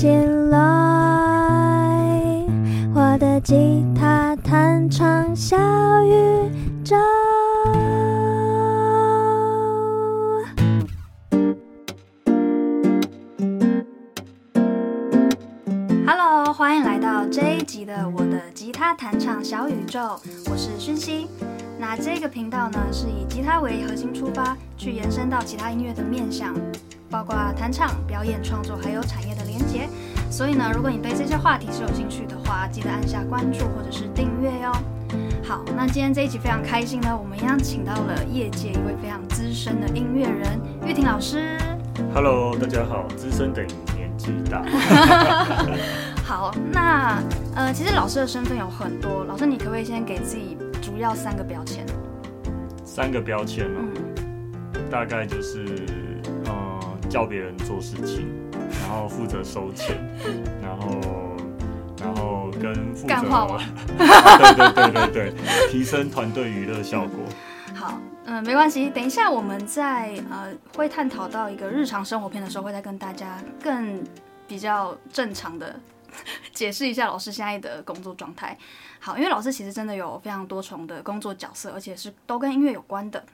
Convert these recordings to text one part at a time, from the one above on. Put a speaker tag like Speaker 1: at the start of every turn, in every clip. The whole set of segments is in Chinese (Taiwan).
Speaker 1: 進來，我的吉他彈唱小宇宙。Hello，歡迎來到這一集的我的吉他彈唱小宇宙。我是薰希。那這個頻道呢，是以吉他為核心出發，去延伸到其他音樂的面向，包括彈唱、表演、創作，還有產業。所以呢，如果你對這些話題是有興趣的話，記得按下關注或者是訂閱喲、哦。好，那今天這一集非常開心呢，我們一樣請到了業界一位非常資深的音樂人育霆老師。
Speaker 2: Hello，大家好，資深等於年紀大。
Speaker 1: 好，那呃，其實老師的身份有很多，老師你可不可以先給自己主要三個標籤？
Speaker 2: 三個標籤哦，嗯、大概就是呃，教別人做事情。 然後負責收錢，然後然後跟負責幹話王 對對對對對，提升團隊娛樂效果。
Speaker 1: 好，嗯、呃，沒關係，等一下我們在呃會探討到一個日常生活片的時候，會再跟大家更比較正常的解釋一下老師現在的工作狀態。好，因為老師其實真的有非常多重的工作角色，而且是都跟音樂有關的。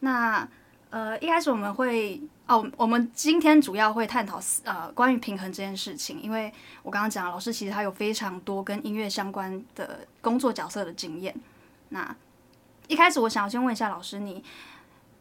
Speaker 1: 那呃一開始我們會。哦，我們今天主要會探討呃，關於平衡這件事情，因為我剛剛講老師其實他有非常多跟音樂相關的工作角色的經驗。那一開始我想要先問一下老師你，你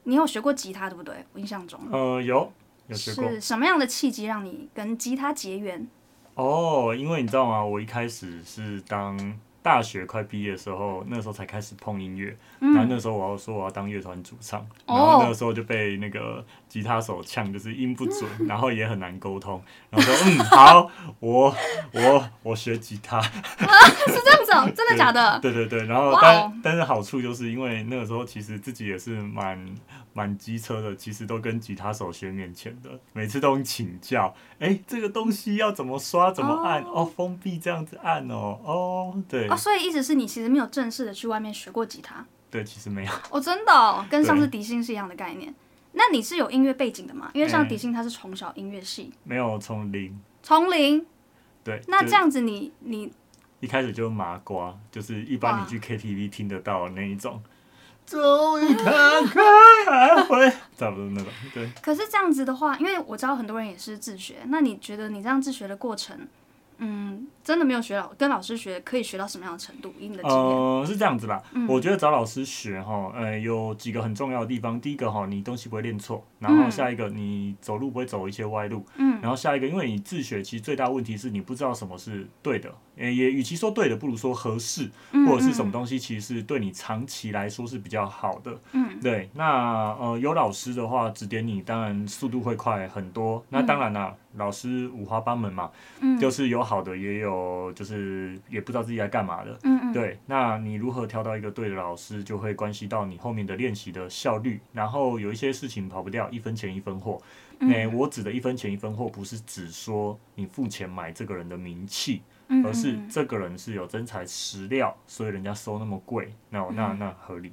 Speaker 1: 你有學過吉他對不對？我印象中，呃，
Speaker 2: 有有學過。是
Speaker 1: 什麼樣的契機讓你跟吉他結緣？
Speaker 2: 哦，因為你知道嗎？我一開始是當。大學快畢業的時候，那時候才開始碰音樂，嗯，然後那時候我要說我要當樂團主唱，嗯，然後那個時候就被那個吉他手嗆，就是音不準，嗯，然後也很難溝通，嗯，然後說 嗯好，我我我學吉他，
Speaker 1: 啊、是這樣子，真的假的？對對對，然後但、wow、
Speaker 2: 但是好處就是因為那個時候其實自己也是蠻蠻機車的，其實都跟吉他手學面前的，每次都請教，哎、欸，這個東西要怎麼刷，怎麼按，oh. 哦，封閉這樣子按哦，哦，對。Oh. 啊、所以
Speaker 1: 意思是你其實沒有正式的去外面學過吉他，
Speaker 2: 對，其實沒有。
Speaker 1: 哦、oh，真的、哦，跟上次迪信是一樣的概念。那你是有音樂背景的嗎？因為上次迪信他是從小音樂系，
Speaker 2: 沒有從零，
Speaker 1: 從零。對，那這樣子你你
Speaker 2: 一開始就是麻瓜、啊，就是一般你去 KTV 聽得到的那一種。
Speaker 1: 終於看開來回，
Speaker 2: 差不多那種。對。
Speaker 1: 可是這樣子的話，因為我知道很多人也是自學，那你覺得你這樣自學的過程，嗯？真的沒有學老跟老師學可以學到什麼樣的程度？以你的經
Speaker 2: 驗。呃，是這樣子啦、嗯。我覺得找老師學哈，呃，有幾個很重要的地方。第一個哈，你東西不會練錯。然後下一個、嗯，你走路不會走一些歪路。嗯。然後下一個，因為你自學，其實最大問題是你不知道什麼是對的。呃、也也與其說對的，不如說合適、嗯、或者是什麼東西、嗯，其實是對你長期來說是比較好的。嗯。對，那呃有老師的話指點你，當然速度會快很多。嗯、那當然啦，老師五花八門嘛，嗯，就是有好的也有。哦， 就是也不知道自己在幹嘛的。對，那你如何挑到一個對的老師，就會關係到你後面的練習的效率。然後有一些事情跑不掉，一分錢一分貨。那、嗯嗯嗯、我指的一分錢一分貨，不是只說你付錢買這個人的名氣，嗯嗯嗯，而是這個人是有真材實料，所以人家收那麼貴，那那那合理。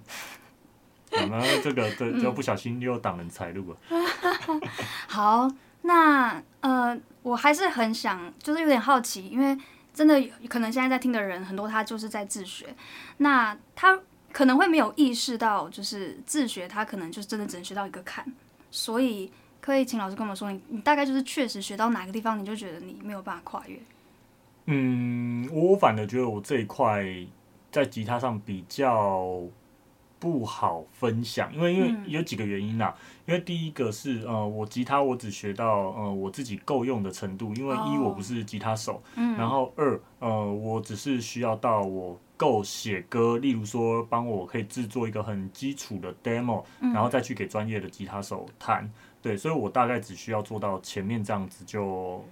Speaker 1: 怎、嗯 嗯、
Speaker 2: 這個這就不小心又擋人財路了
Speaker 1: 好。那呃，我還是很想，就是有點好奇，因為真的可能現在在聽的人很多，他就是在自學，那他可能會沒有意識到，就是自學他可能就是真的只能學到一個坎，所以可以請老師跟我們說，你你大概就是確實學到哪個地方，你就覺得你沒有辦法跨越？嗯，
Speaker 2: 我反而覺得我這一塊在吉他上比較。不好分享，因為因為有幾個原因啦、啊嗯。因為第一個是呃，我吉他我只學到呃我自己夠用的程度，因為一我不是吉他手，嗯、然後二呃我只是需要到我夠寫歌，例如說幫我可以製作一個很基礎的 demo，然後再去給專業的吉他手彈、嗯，對，所以我大概只需要做到前面這樣子就。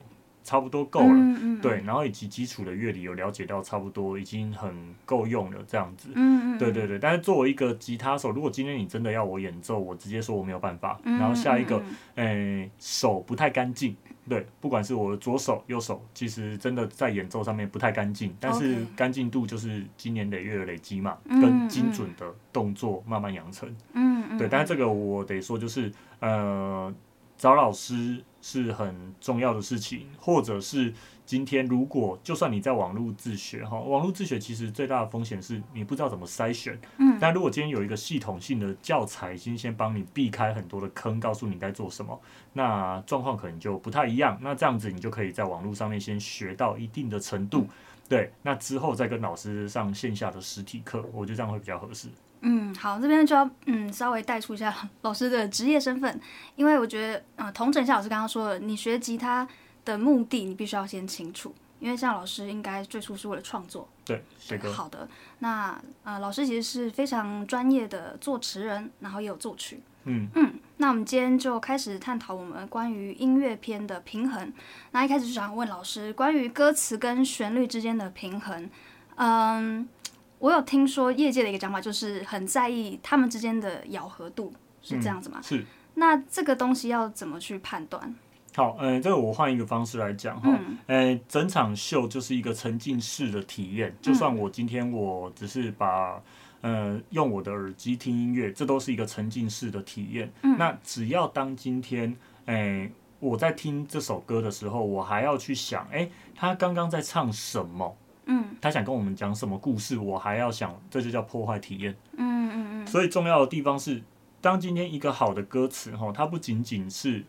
Speaker 2: 差不多夠了，嗯嗯，對，然後以及基礎的樂理有了解到差不多，已經很夠用了這樣子，嗯。對對對。但是作為一個吉他手，如果今天你真的要我演奏，我直接說我沒有辦法。然後下一個，誒、嗯嗯欸，手不太乾淨。對，不管是我的左手右手，其實真的在演奏上面不太乾淨，嗯。但是乾淨度就是積年累月的累積嘛，嗯，跟精準的動作慢慢養成嗯。嗯。對，但是這個我得說就是，呃。找老師是很重要的事情，或者是今天如果就算你在網絡自學哈，網絡自學其實最大的風險是你不知道怎麼篩選，嗯，但如果今天有一個系統性的教材，先先幫你避開很多的坑，告訴你該做什麼，那狀況可能就不太一樣。那這樣子你就可以在網絡上面先學到一定的程度，對，那之後再跟老師上線下的實體課，我覺得這樣會比較合適。
Speaker 1: 嗯，好，這邊就要嗯稍微帶出一下老師的職業身份，因為我覺得，嗯、呃，統整一下老師剛剛說的，你學吉他的目的你必須要先清楚，因為像老師應該最初是為了創作，對，是的。好的，那呃，老師其實是非常專業的作詞人，然後也有作曲，嗯嗯。那我們今天就開始探討我們關於音樂篇的平衡，那一開始就想問老師關於歌詞跟旋律之間的平衡，嗯。我有聽說業界的一個講法，就是很在意他們之間的咬合度，是這樣子嗎？嗯、是。那這個東西要怎麼去判斷？
Speaker 2: 好，嗯、呃，這個我換一個方式來講哈，嗯、呃，整場秀就是一個沉浸式的體驗。嗯、就算我今天我只是把，嗯、呃，用我的耳機聽音樂，這都是一個沉浸式的體驗。嗯、那只要當今天，哎、呃，我在聽這首歌的時候，我還要去想，誒，他剛剛在唱什麼？嗯，他想跟我們講什麼故事，我還要想，這就叫破壞體驗。嗯嗯嗯。所以重要的地方是，當今天一個好的歌詞哈，它不僅僅是，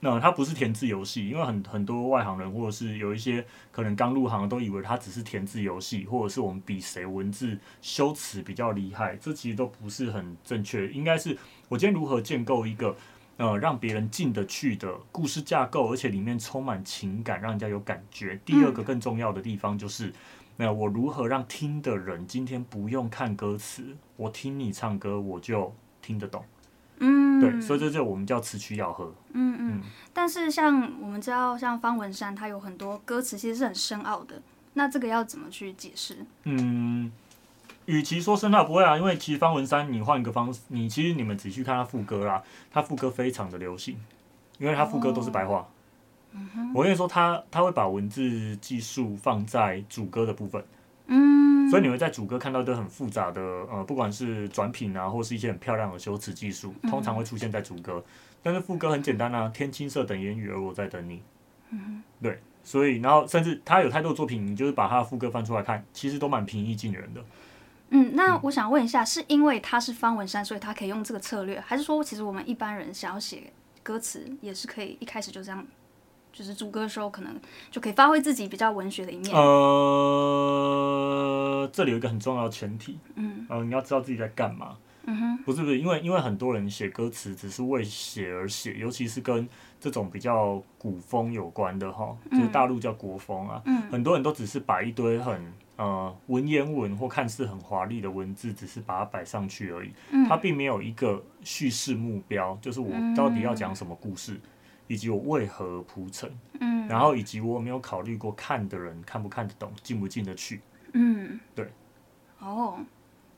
Speaker 2: 那、呃、它不是填字遊戲，因為很很多外行人或者是有一些可能剛入行都以為它只是填字遊戲，或者是我們比誰文字修辭比較厲害，這其實都不是很正確，應該是我今天如何建構一個。呃，讓別人進得去的故事架構，而且裡面充滿情感，讓人家有感覺。第二個更重要的地方就是，那、嗯、我如何讓聽的人今天不用看歌詞，我聽你唱歌我就聽得懂。
Speaker 1: 嗯，對，所以
Speaker 2: 這就我們叫詞曲咬合。嗯嗯。
Speaker 1: 但是像我們知道，像方文山他有很多歌詞，其實是很深奧的。那這個要怎麼去解釋？
Speaker 2: 嗯。與其說生造不會啊，因為其實方文山，你換一個方式，你其實你們仔細看他副歌啦，他副歌非常的流行，因為他副歌都是白話。嗯、我跟你說他，他他會把文字技術放在主歌的部分。嗯。所以你們在主歌看到的很複雜的，呃，不管是轉品啊，或是一些很漂亮的修辭技術，通常會出現在主歌。但是副歌很簡單啊，“天青色等煙雨，而我在等你。”嗯。對，所以然後甚至他有太多作品，你就是把他的副歌翻出來看，其實都蠻平易近人的。
Speaker 1: 嗯，那我想問一下，嗯，是因為他是方文山，所以他可以用這個策略，還是說其實我們一般人想要寫歌詞也是可以一開始就這樣，就是主歌的時候可能就可以發揮自己比較文學的一面？呃，
Speaker 2: 這裡有一個很重要的前提，嗯，呃，你要知道自己在幹嘛。嗯
Speaker 1: 哼，不
Speaker 2: 是不是，因為因為很多人寫歌詞只是為寫而寫，尤其是跟這種比較古風有關的哈，就是大陸叫國風啊，嗯，很多人都只是擺一堆很。呃，文言文或看似很華麗的文字，只是把它擺上去而已、嗯。它並沒有一個敘事目標，就是我到底要講什麼故事、嗯，以及我為何鋪陳、嗯。然後以及我沒有考慮過看的人看不看得懂，進不進得去。嗯，對。
Speaker 1: 哦，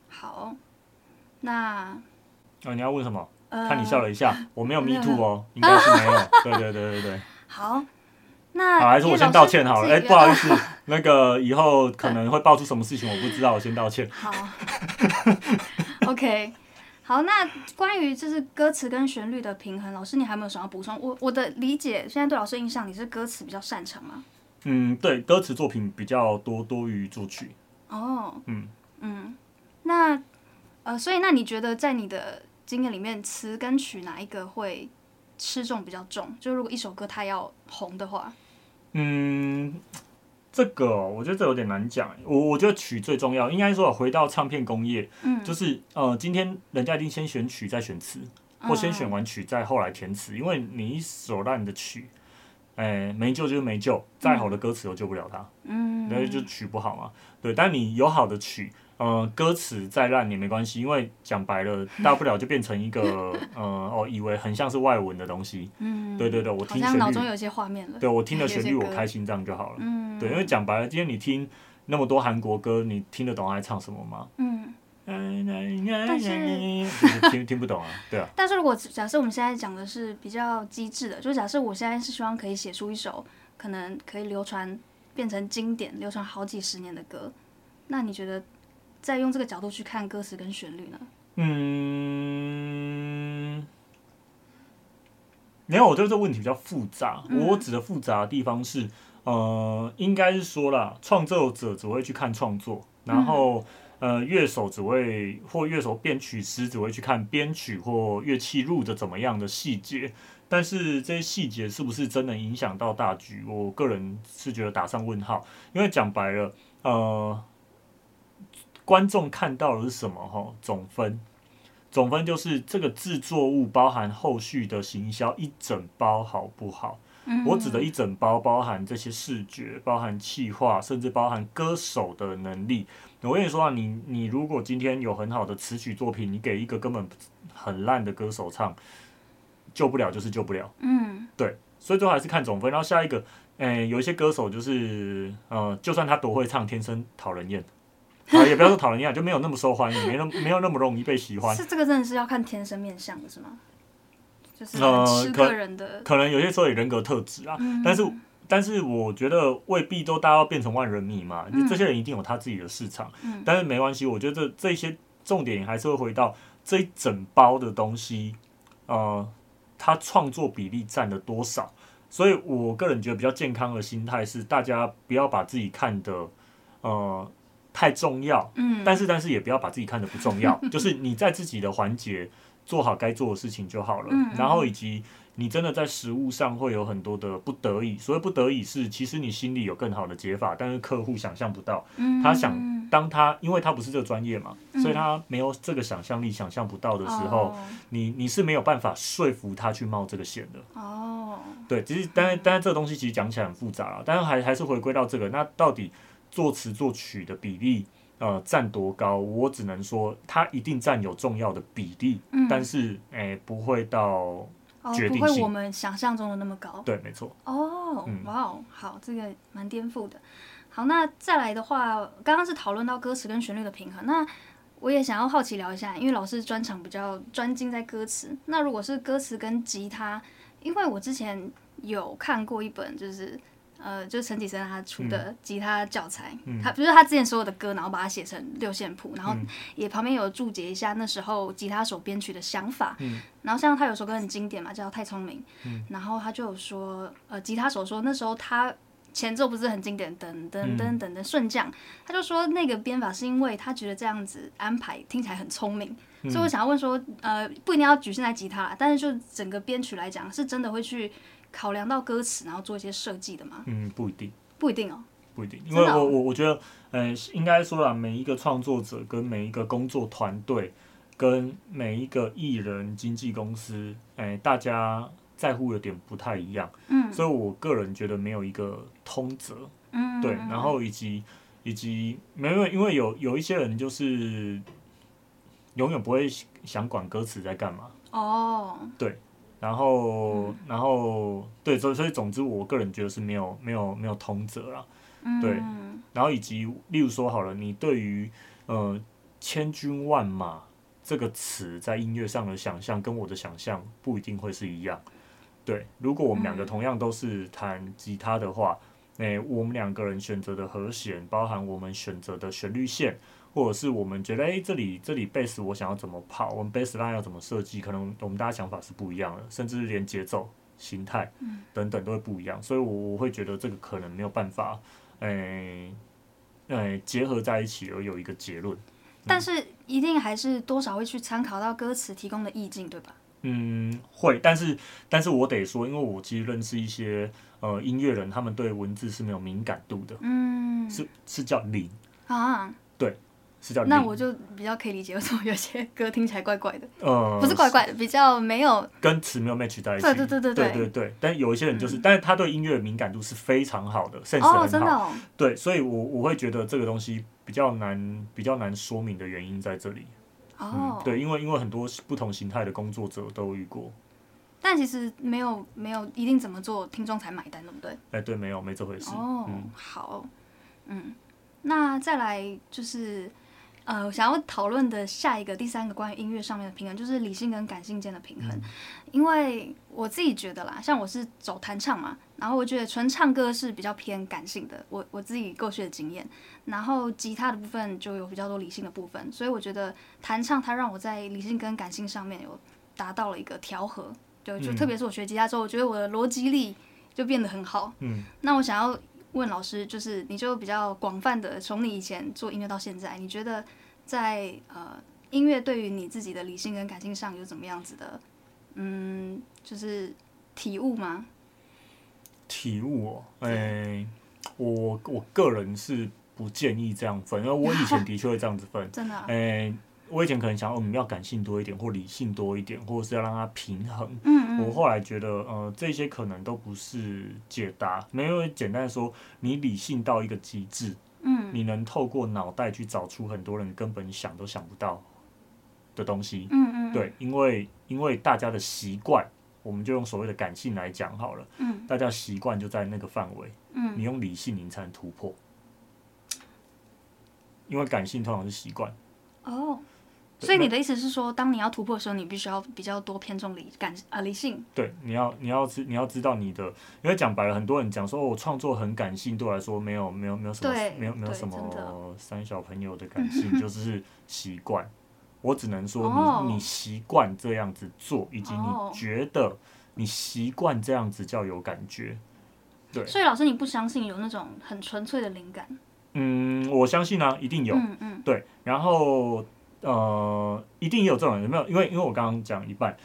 Speaker 1: 好。那
Speaker 2: 啊、呃，你要問什麼？看你笑了一下，我沒有 me too 哦， 應該是沒有。 對,對對對對對。
Speaker 1: 好，那好，還是我先道歉好了。哎、欸，不好意思。
Speaker 2: 那個以後可能會爆出什麼事情，我不知道，我先道歉。
Speaker 1: 好 ，OK，好。那關於就是歌詞跟旋律的平衡，老師你還有沒有什麼要補充？我我的理解，現在對老師印象你是歌詞比較擅長嗎？嗯，
Speaker 2: 對，歌詞作品比較多多於作曲。
Speaker 1: 哦、oh, 嗯，嗯嗯，那呃，所以那你覺得在你的經驗裡面，詞跟曲哪一個會吃重比較重？就如果一首歌它要紅的話，
Speaker 2: 嗯。這個我覺得這有點難講，我我覺得曲最重要，應該說回到唱片工業，嗯、就是呃，今天人家一定先選曲再選詞，嗯，或先選完曲再後來填詞，因為你一首爛的曲，哎、呃，沒救就是沒救，再好的歌詞都救不了它，嗯，那就曲不好嘛，對，但你有好的曲。呃，歌詞再爛也沒關係，因為講白了，大不了就變成一個 呃，哦，以為很像是外文的東西。嗯， 對對對，我聽，好像腦中有
Speaker 1: 一些畫面了。對，我聽的旋律了我開
Speaker 2: 心，這樣就好了。嗯， 對，因為講白了，今天你聽那麼多韓國歌，你聽得懂他在唱什麼嗎？
Speaker 1: 嗯， 哎哎
Speaker 2: 哎聽聽不懂啊，
Speaker 1: 對啊。 但是，如果假設我們現在講的是比較機智的，就假設我現在是希望可以寫出一首可能可以流傳、變成經典、流傳好幾十年的歌，那你覺得？再用這個角度去看歌詞跟旋
Speaker 2: 律呢？嗯，沒有，我覺得這問題比較複雜，嗯。我指的複雜的地方是，呃，應該是說了，創作者只會去看創作，然後，嗯、呃，樂手只會或樂手編曲師只會去看編曲或樂器錄的怎麼樣的細節。但是這些細節是不是真能影響到大局？我個人是覺得打上問號，因為講白了，呃。觀眾看到的是什麼？吼，總分，總分就是這個制作物包含後續的行銷一整包，好不好？嗯，我指的一整包包含這些視覺，包含企劃，甚至包含歌手的能力。我跟你說啊，你你如果今天有很好的詞曲作品，你給一個根本很爛的歌手唱，救不了就是救不了。嗯，對，所以最後還是看總分。然後下一個，誒，哎，有一些歌手就是，呃，就算他多會唱，天生討人厭。 啊，也不要說討人厭，就沒有那麼受歡迎，沒那麼沒有那麼容易被喜歡。 是
Speaker 1: 這個，真的是要看天生面相的，是嗎？就是呃，個人的、呃可，
Speaker 2: 可能有些時候也人格特質啊、嗯。但是，但是我覺得未必都大家要變成萬人迷嘛。嗯、這些人一定有他自己的市場，嗯、但是沒關係。我覺得這,這一些重點還是會回到這一整包的東西，呃，他創作比例占了多少？所以我個人覺得比較健康的心態是，大家不要把自己看得呃。太重要，嗯，但是但是也不要把自己看得不重要， 就是你在自己的環節做好該做的事情就好了， 然後以及你真的在實務上會有很多的不得已，所謂不得已是其實你心裡有更好的解法，但是客戶想象不到， 他想當他因為他不是這個專業嘛， 所以他沒有這個想象力，想象不到的時候， 你你是沒有辦法說服他去冒這個險的，哦， 對，其實但是但這個東西其實講起來很複雜啊，但是還還是回歸到這個，那到底。作詞作曲的比例，呃，佔多高？我只能說，他一定佔有重要的比例，嗯、但是，哎、欸，不會到決定性、哦，不會我
Speaker 1: 們想象中的那麼高。對，沒錯。哦，哇、嗯、哦，wow, 好，這個蠻顛覆的。好，那再來的話，剛剛是討論到歌詞跟旋律的平衡，那我也想要好奇聊一下，因為老師專長比較專精在歌詞，那如果是歌詞跟吉他，因為我之前有看過一本，就是。呃，就是陳綺貞他出的吉他教材，嗯、他不、就是他之前所有的歌，然後把它寫成六線譜，然後也旁邊有注解一下那時候吉他手編曲的想法、嗯。然後像他有首歌很經典嘛，叫《太聰明》，嗯，然後他就有說，呃，吉他手說那時候他前奏不是很經典，噔噔噔噔噔順降，他就說那個編法是因為他覺得這樣子安排聽起來很聰明、嗯，所以我想要問說，呃，不一定要局限在吉他啦，但是就整個編曲來講，是真的會去。考量到歌詞，然後做一些設計的嗎？
Speaker 2: 嗯，不一定，
Speaker 1: 不一定哦，不一定，因為我、哦、
Speaker 2: 我我覺得，嗯、呃，應該說啦，每一個創作者跟每一個工作團隊，跟每一個藝人經紀公司，哎、呃，大家在乎的點不太一樣，嗯，所以我個人覺得沒有一個通則，嗯，對，然後以及以及沒有，因為有有一些人就是永遠不會想管歌詞在幹嘛，
Speaker 1: 哦，
Speaker 2: 對。然後，然後，對，所所以，總之，我個人覺得是沒有沒有沒有通則了，對。然後以及，例如說，好了，你對於呃“千軍萬馬”這個詞在音樂上的想象，跟我的想象不一定會是一樣。對，如果我們兩個同樣都是彈吉他的話。誒、哎，我們兩個人選擇的和弦，包含我們選擇的旋律線，或者是我們覺得，誒、哎，這裡這裡貝斯我想要怎麼跑，我們貝斯 line 要怎麼設計，可能我們大家想法是不一樣的，甚至連節奏形態等等都會不一樣。所以我，我我會覺得這個可能沒有辦法，誒、哎，誒、哎、結合在一起而有一個結論。嗯、但是，
Speaker 1: 一定還是多少會去參考到歌詞提供的意境，對吧？嗯，
Speaker 2: 會，但是但是我得說，因為我其實認識一些。呃，音樂人他們對文字是沒有敏感度的，嗯，是是叫零啊，對，是叫零。那我就
Speaker 1: 比較可以理解為什麼有些歌聽起來怪怪的，呃、不是怪怪的，比較沒有
Speaker 2: 跟詞沒有 match 在一起，對對對對，對，對，對，但有一些人就是，嗯、但是他對音樂的敏感度是非常好的、嗯、，sense 很好、oh, 真的哦，對，所以我，我我會覺得這個東西比較難，比較難說明的原因在這裡。哦、oh.
Speaker 1: 嗯，對，
Speaker 2: 因為因為很多不同形態的工作者都遇過。
Speaker 1: 但其實沒有沒有一定怎麼做，聽眾才買單，對不對？
Speaker 2: 哎、欸，對，沒有沒這回事。哦、嗯，
Speaker 1: 好，嗯，那再來就是呃，想要討論的下一個第三個關於音樂上面的平衡，就是理性跟感性間的平衡、嗯。因為我自己覺得啦，像我是走彈唱嘛，然後我覺得純唱歌是比較偏感性的，我我自己過去的經驗。然後吉他的部分就有比較多理性的部分，所以我覺得彈唱它讓我在理性跟感性上面有達到了一個調和。對，就特別是我學吉他之後，嗯、我覺得我的邏輯力就變得很好。嗯，那我想要問老師，就是你就比較廣泛的，從你以前做音樂到現在，你覺得在呃音樂對於你自己的理性跟感性上有怎麼樣子的，嗯，就是體悟嗎？
Speaker 2: 體悟、哦，哎、欸，我我個人是不建議這樣分，因為我以前的確會這樣子分。 真的、啊。哎、欸。我以前可能想，哦，我們要感性多一點，或理性多一點，或者是要讓它平衡。嗯嗯。我後來覺得，呃，這些可能都不是解答。沒有簡單說，你理性到一個極致，嗯，你能透過腦袋去找出很多人根本想都想不到的東西。嗯嗯。對，因為因為大家的習慣，我們就用所謂的感性來講好了。嗯。大家習慣就在那個範圍。嗯。你用理性，你才能突破。嗯。因為感性通常是習慣。
Speaker 1: 哦。所以你的意思是說，當你要突破的時候，你必須要比較多偏重，理感啊理性。
Speaker 2: 對，你要你要知你要知道你的，因為講白了，很多人講說、哦，我創作很感性，對我來說沒有沒有沒有什麼，沒有沒有什麼三小朋友的感性，就是習慣。 我只能說你，你你習慣這樣子做，以及你覺得你習慣這樣子叫有感覺。對，所以
Speaker 1: 老師你不相信有那種很純粹的靈感？
Speaker 2: 嗯，我相信呢、啊，一定有。嗯嗯，對，然後。呃，一定也有這種人。有沒有？因為因為我剛剛講一半，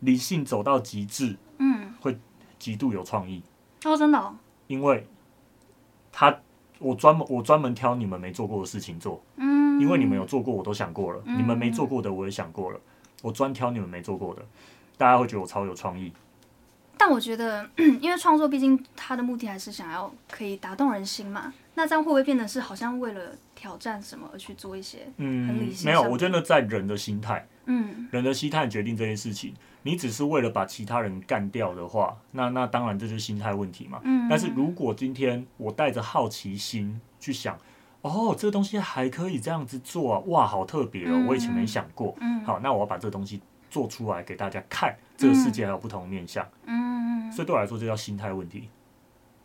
Speaker 2: 理性走到極致，
Speaker 1: 嗯，
Speaker 2: 會極度有創意。哦，真的，哦？因為他，他我專門我專門挑你們沒做過的事情做，嗯，
Speaker 1: 因為你們有
Speaker 2: 做過，我都想過了、嗯，你們沒做過的，我也想過了。我專挑你們沒做過的，大家會覺得我超有創意。
Speaker 1: 但我覺得，因為創作畢竟它的目的還是想要可以打動人心嘛。那這樣會不會變得是好像為了挑戰什麼而去做一些很理性？嗯，沒有，我覺
Speaker 2: 得在人的心態，
Speaker 1: 嗯，人
Speaker 2: 的心態決定這件事情。你只是為了把其他人幹掉的話，那那當然這就是心態問題嘛。嗯，但是如果今天我帶着好奇心去想，哦，這個東西還可以這樣子做啊，哇，好特別哦，我以前沒想過。嗯，好，那我要把這個東西做出來給大家看。這個世界還有不同的面向，嗯，所以對我來說就叫心態問題。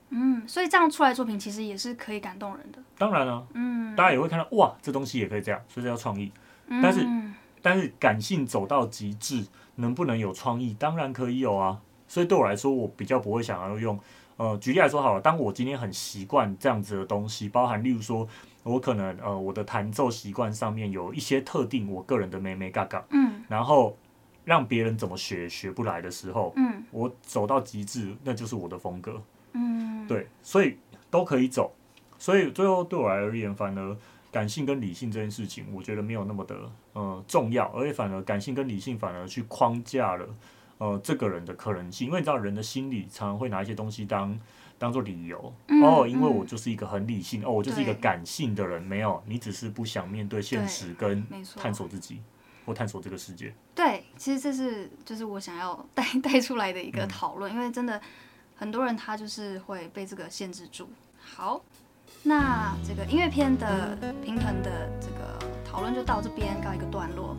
Speaker 2: 嗯，
Speaker 1: 所以這樣出來的作品其實也是可以感動人的。當然了、啊，嗯，大家
Speaker 2: 也會看到，哇，這東西也可以這樣，所以這叫創意。但是、嗯，但是感性走到極致，能不能有創意？當然可以有啊。所以對我來說，我比較不會想要用，呃，舉例來說好了，當我今天很習慣這樣子的東西，包含例如說，我可能呃我的彈奏習慣上面有一些特定我個人的眉眉角角，嗯，然後。讓別人怎麼學學不來的時候，嗯，我走到極致，那就是我的風格，嗯，對，所以都可以走，所以最後對我來而言，反而感性跟理性這件事情，我覺得沒有那麼的，呃，重要，而且反而感性跟理性反而去框架了，呃，這個人的可能性，因為你知道人的心理常常會拿一些東西當當做理由，嗯，哦，因為我就是一個很理性，嗯，哦，我就是一個感性的人，沒有，你只是不想面對現實跟探索自己。或探索這個世界，
Speaker 1: 對，其實這是就是我想要帶帶出來的一個討論，嗯、因為真的很多人他就是會被這個限制住。好，那這個音樂篇的平衡的這個討論就到這邊告一個段落。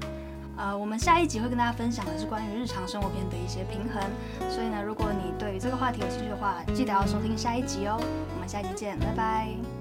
Speaker 1: 呃，我們下一集會跟大家分享的是關於日常生活篇的一些平衡，所以呢，如果你對於這個話題有興趣的話，記得要收聽下一集哦。我們下一集見，拜拜。